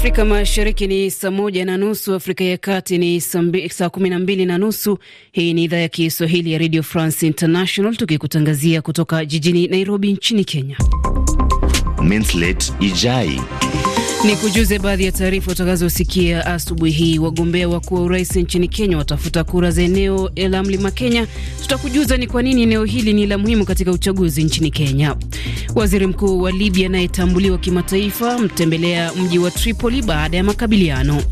Afrika Mashariki ni saa moja na nusu, Afrika ya Kati ni saa kumi na mbili na nusu. Hii ni idhaa ya Kiswahili ya Radio France International tukikutangazia kutoka jijini Nairobi nchini Kenya. Mintlet Ijai ni kujuze baadhi ya taarifa utakazosikia asubuhi hii. Wagombea wakuu wa urais nchini Kenya watafuta kura za eneo la mlima Kenya. Tutakujuza ni kwa nini eneo hili ni la muhimu katika uchaguzi nchini Kenya. Waziri mkuu wa Libya anayetambuliwa kimataifa mtembelea mji wa Tripoli baada ya makabiliano,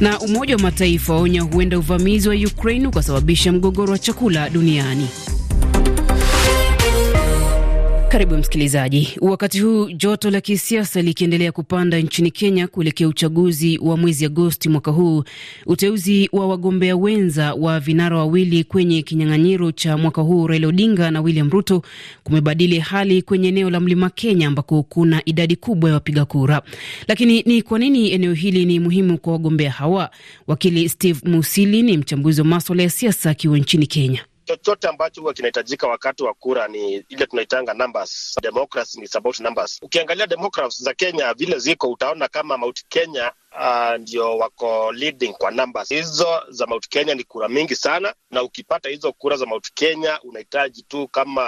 na Umoja wa Mataifa waonya huenda uvamizi wa Ukraine ukasababisha mgogoro wa chakula duniani. Karibu msikilizaji. Wakati huu joto la kisiasa likiendelea kupanda nchini Kenya kuelekea uchaguzi wa mwezi Agosti mwaka huu, uteuzi wa wagombea wenza wa vinara wawili kwenye kinyang'anyiro cha mwaka huu, Raila Odinga na William Ruto, kumebadili hali kwenye eneo la mlima Kenya ambako kuna idadi kubwa ya wapiga kura. Lakini ni kwa nini eneo hili ni muhimu kwa wagombea hawa? Wakili Steve Musili ni mchambuzi wa maswala ya siasa akiwa nchini Kenya chochote ambacho huwa kinahitajika wakati wa kura ni ile tunaitanga numbers. Democracy about numbers. Ukiangalia demographics za Kenya vile ziko, utaona kama mauti Kenya Ah, ndio wako leading kwa numbers hizo za Mount Kenya. Ni kura mingi sana, na ukipata hizo kura za Mount Kenya unahitaji tu kama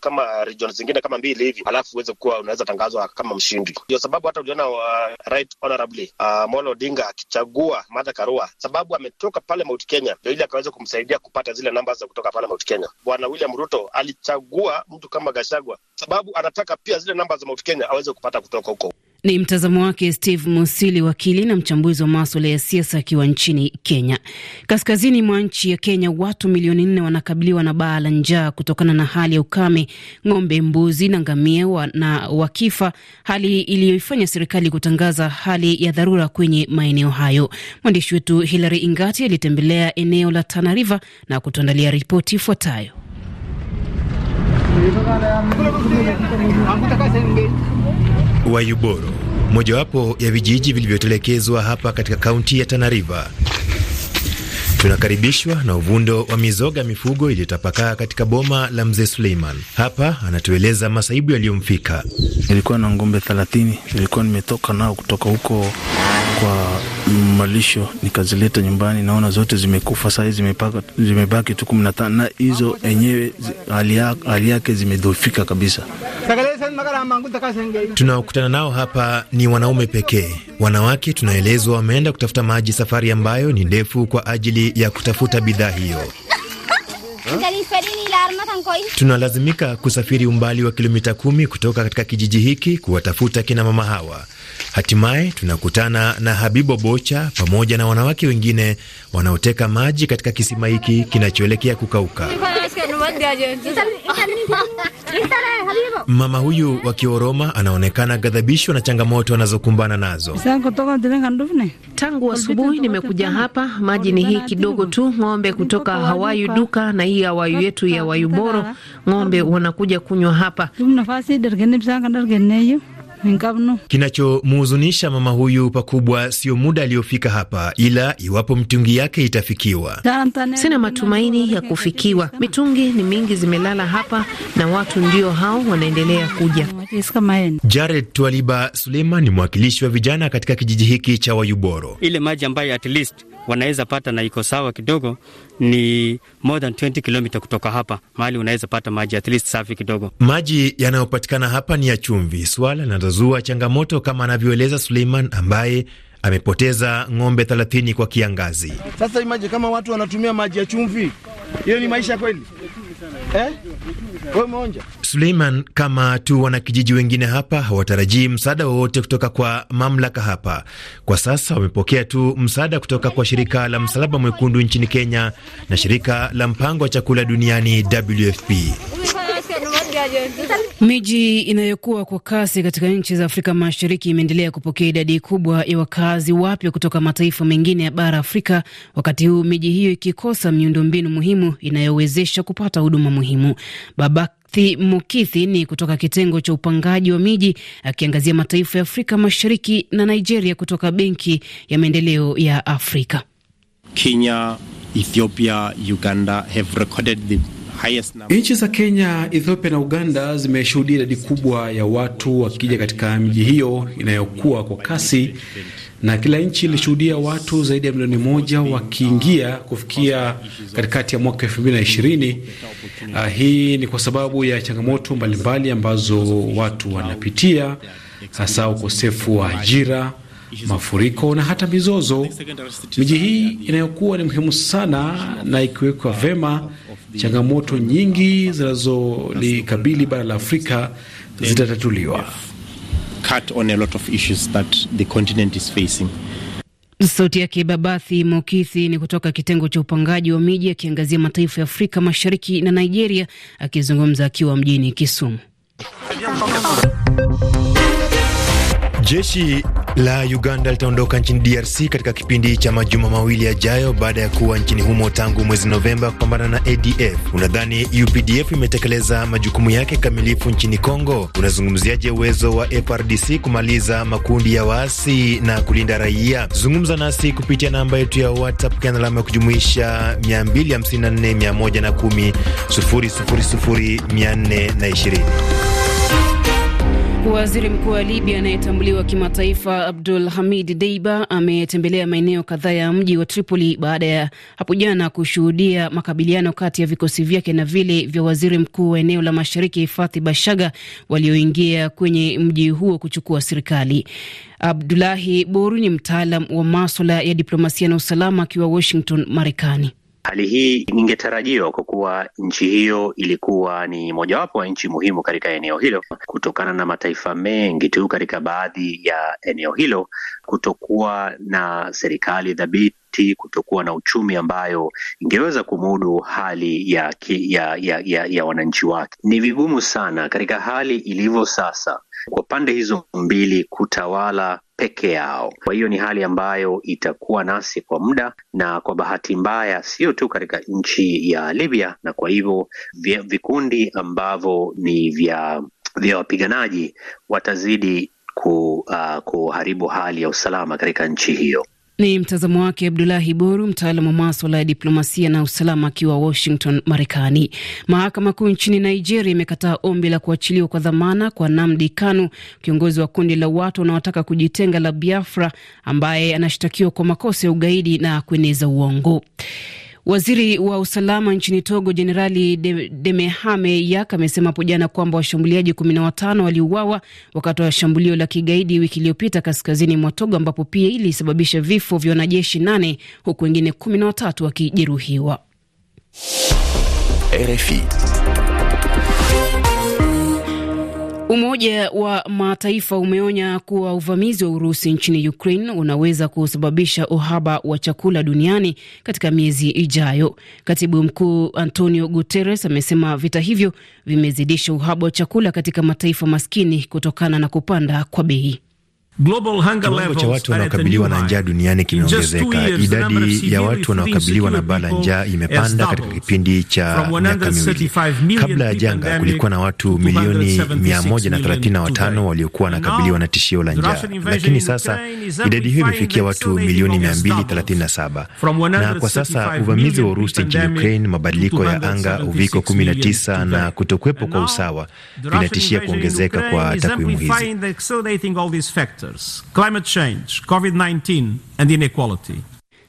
kama region zingine kama mbili hivi, alafu uweze kuwa unaweza tangazwa kama mshindi. Ndio sababu hata uliona uh, right honorably uh, Molo Odinga akichagua Martha Karua, sababu ametoka pale Mount Kenya ndio ili akaweza kumsaidia kupata zile numbers za kutoka pale Mount Kenya. Bwana William Ruto alichagua mtu kama Gashagwa sababu anataka pia zile namba za Mount Kenya aweze kupata kutoka huko. Ni mtazamo wake Steve Musili, wakili na mchambuzi wa maswala ya siasa, akiwa nchini Kenya. Kaskazini mwa nchi ya Kenya, watu milioni nne wanakabiliwa na baa la njaa kutokana na hali ya ukame. Ng'ombe, mbuzi na ngamia wa, na wakifa, hali iliyoifanya serikali kutangaza hali ya dharura kwenye maeneo hayo. Mwandishi wetu Hilary Ingati alitembelea eneo la Tana River na kutuandalia ripoti ifuatayo. Wayuboro mojawapo ya vijiji vilivyotelekezwa hapa katika kaunti ya Tana River. Tunakaribishwa na uvundo wa mizoga ya mifugo iliyotapakaa katika boma la mzee Suleiman. Hapa anatueleza masaibu yaliyomfika. Nilikuwa na ng'ombe thelathini, nilikuwa nimetoka nao kutoka huko kwa malisho nikazileta nyumbani, naona zote zimekufa. Sahii zimepaka zimebaki tu kumi na tano, na hizo enyewe hali yake zimedhoofika kabisa tunaokutana nao hapa ni wanaume pekee. Wanawake tunaelezwa wameenda kutafuta maji, safari ambayo ni ndefu kwa ajili ya kutafuta bidhaa hiyo. Tunalazimika kusafiri umbali wa kilomita kumi kutoka katika kijiji hiki kuwatafuta kina mama hawa. Hatimaye tunakutana na Habibo Bocha pamoja na wanawake wengine wanaoteka maji katika kisima hiki kinachoelekea kukauka. Mama huyu wa Kioroma anaonekana ghadhabishwa na changamoto anazokumbana nazo. Tangu asubuhi nimekuja hapa, maji ni hii kidogo tu, ng'ombe kutoka Hawayu duka na hii wayu yetu ya wayuboro, boro, ng'ombe wanakuja kunywa hapa. Kinachomuhuzunisha mama huyu pakubwa sio muda aliyofika hapa, ila iwapo mitungi yake itafikiwa. Sina matumaini ya kufikiwa, mitungi ni mingi, zimelala hapa na watu ndio hao wanaendelea kuja. Jared Twaliba Suleiman ni mwakilishi wa vijana katika kijiji hiki cha Wayuboro. Ile maji ambayo at least wanaweza pata na iko sawa kidogo ni more than 20 kilomita kutoka hapa, mahali unaweza pata maji at least safi kidogo. Maji yanayopatikana hapa ni ya chumvi, swala na zinazozua changamoto kama anavyoeleza Suleiman ambaye amepoteza ng'ombe 30 kwa kiangazi. Sasa imaje kama watu wanatumia maji ya chumvi, hiyo ni maisha kweli eh? Suleiman kama tu wanakijiji wengine hapa hawatarajii msaada wowote kutoka kwa mamlaka hapa. Kwa sasa wamepokea tu msaada kutoka kwa shirika la Msalaba Mwekundu nchini Kenya na shirika la mpango wa chakula duniani WFP. Miji inayokuwa kwa kasi katika nchi za Afrika Mashariki imeendelea kupokea idadi kubwa ya wakazi wapya kutoka mataifa mengine ya bara Afrika, wakati huu miji hiyo ikikosa miundombinu muhimu inayowezesha kupata huduma muhimu. Babathi Mukithi ni kutoka kitengo cha upangaji wa miji, akiangazia mataifa ya Afrika Mashariki na Nigeria kutoka Benki ya Maendeleo ya Afrika. Kenya, Ethiopia, Uganda have recorded the Nchi za Kenya, Ethiopia na Uganda zimeshuhudia idadi kubwa ya watu wakija katika miji hiyo inayokuwa kwa kasi, na kila nchi ilishuhudia watu zaidi ya milioni moja wakiingia kufikia katikati ya mwaka elfu mbili na ishirini. Uh, hii ni kwa sababu ya changamoto mbalimbali ambazo watu wanapitia, hasa ukosefu wa ajira mafuriko na hata mizozo. Miji hii inayokuwa ni muhimu sana, na ikiwekwa vema, changamoto nyingi zinazolikabili bara la Afrika zitatatuliwa. Sauti yake Babathi Mokithi ni kutoka kitengo cha upangaji wa miji akiangazia mataifa ya Afrika Mashariki na Nigeria, akizungumza akiwa mjini Kisumu. Jeshi la Uganda litaondoka nchini DRC katika kipindi cha majuma mawili yajayo baada ya kuwa nchini humo tangu mwezi Novemba kupambana na ADF. Unadhani UPDF imetekeleza majukumu yake kamilifu nchini Kongo? Unazungumziaje uwezo wa FRDC kumaliza makundi ya waasi na kulinda raia? Zungumza nasi kupitia namba yetu ya WhatsApp kana alama ya kujumuisha 254 110 000 420 waziri mkuu wa Libya anayetambuliwa kimataifa Abdul Hamid Deiba ametembelea maeneo kadhaa ya mji wa Tripoli baada ya hapo jana kushuhudia makabiliano kati ya vikosi vyake na vile vya waziri mkuu wa eneo la mashariki Fathi Bashaga walioingia kwenye mji huo kuchukua serikali. Abdulahi Boru ni mtaalam wa maswala ya diplomasia na usalama akiwa Washington, Marekani. Hali hii ingetarajiwa kwa kuwa nchi hiyo ilikuwa ni mojawapo wa nchi muhimu katika eneo hilo, kutokana na mataifa mengi tu katika baadhi ya eneo hilo kutokuwa na serikali dhabiti wakati kutokuwa na uchumi ambayo ingeweza kumudu hali ya, ya, ya, ya, ya wananchi wake. Ni vigumu sana katika hali ilivyo sasa kwa pande hizo mbili kutawala peke yao. Kwa hiyo ni hali ambayo itakuwa nasi kwa muda, na kwa bahati mbaya sio tu katika nchi ya Libya, na kwa hivyo vikundi ambavyo ni vya vya wapiganaji watazidi ku, uh, kuharibu hali ya usalama katika nchi hiyo. Ni mtazamo wake Abdulahi Boru, mtaalamu wa maswala ya diplomasia na usalama, akiwa Washington, Marekani. Mahakama Kuu nchini Nigeria imekataa ombi la kuachiliwa kwa dhamana kwa Namdi Kanu, kiongozi wa kundi la watu wanaotaka kujitenga la Biafra, ambaye anashtakiwa kwa makosa ya ugaidi na kueneza uongo. Waziri wa usalama nchini Togo, Jenerali Demehame Yak, amesema hapo jana kwamba washambuliaji kumi na watano waliuawa wakati wa shambulio la kigaidi wiki iliyopita kaskazini mwa Togo, ambapo pia ilisababisha vifo vya wanajeshi nane huku wengine kumi na watatu wakijeruhiwa. RFI Umoja wa Mataifa umeonya kuwa uvamizi wa Urusi nchini Ukraine unaweza kusababisha uhaba wa chakula duniani katika miezi ijayo. Katibu mkuu Antonio Guterres amesema vita hivyo vimezidisha uhaba wa chakula katika mataifa maskini kutokana na kupanda kwa bei. Kiwango cha watu wanaokabiliwa na njaa duniani kimeongezeka. Idadi ya watu wanaokabiliwa na baa la njaa imepanda katika kipindi cha miaka miwili. Kabla ya janga, kulikuwa na watu milioni 135 waliokuwa wanakabiliwa na tishio la njaa, lakini sasa idadi hiyo imefikia watu milioni 237. Na kwa sasa uvamizi wa Urusi nchini Ukraine, mabadiliko ya anga, uviko 19 na kutokuwepo kwa usawa vinatishia kuongezeka kwa takwimu hizi sectors climate change, COVID-19 and inequality.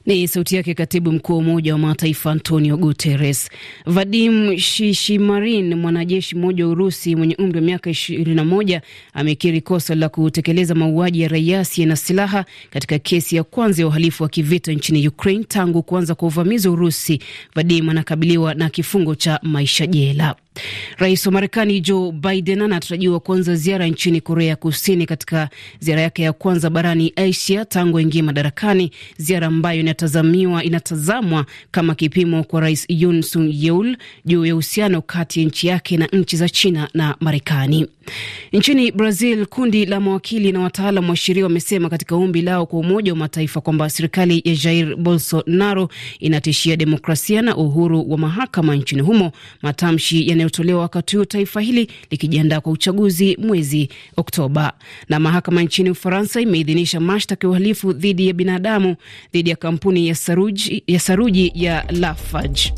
Ni sauti yake katibu mkuu wa Umoja wa Mataifa Antonio Guterres. Vadim Shishimarin, mwanajeshi mmoja wa Urusi mwenye umri wa miaka 21, amekiri kosa la kutekeleza mauaji ya raia asiye na silaha katika kesi ya kwanza ya uhalifu wa kivita nchini Ukraine tangu kuanza kwa uvamizi wa Urusi. Vadim anakabiliwa na kifungo cha maisha jela. Rais wa Marekani Joe Biden anatarajiwa kuanza ziara nchini Korea Kusini katika ziara yake ya kwanza barani Asia tangu aingie madarakani, ziara ambayo inatazamiwa inatazamwa kama kipimo kwa Rais Yoon Suk Yeol juu ya uhusiano kati ya nchi yake na nchi za China na Marekani. Nchini Brazil, kundi la mawakili na wataalam wa sheria wamesema katika ombi lao kwa Umoja wa Mataifa kwamba serikali ya Jair Bolsonaro inatishia demokrasia na uhuru wa mahakama nchini humo, matamshi yana yanayotolewa wakati huu taifa hili likijiandaa kwa uchaguzi mwezi Oktoba. Na mahakama nchini Ufaransa imeidhinisha mashtaka ya uhalifu dhidi ya binadamu dhidi ya kampuni ya saruji ya, saruji ya Lafarge.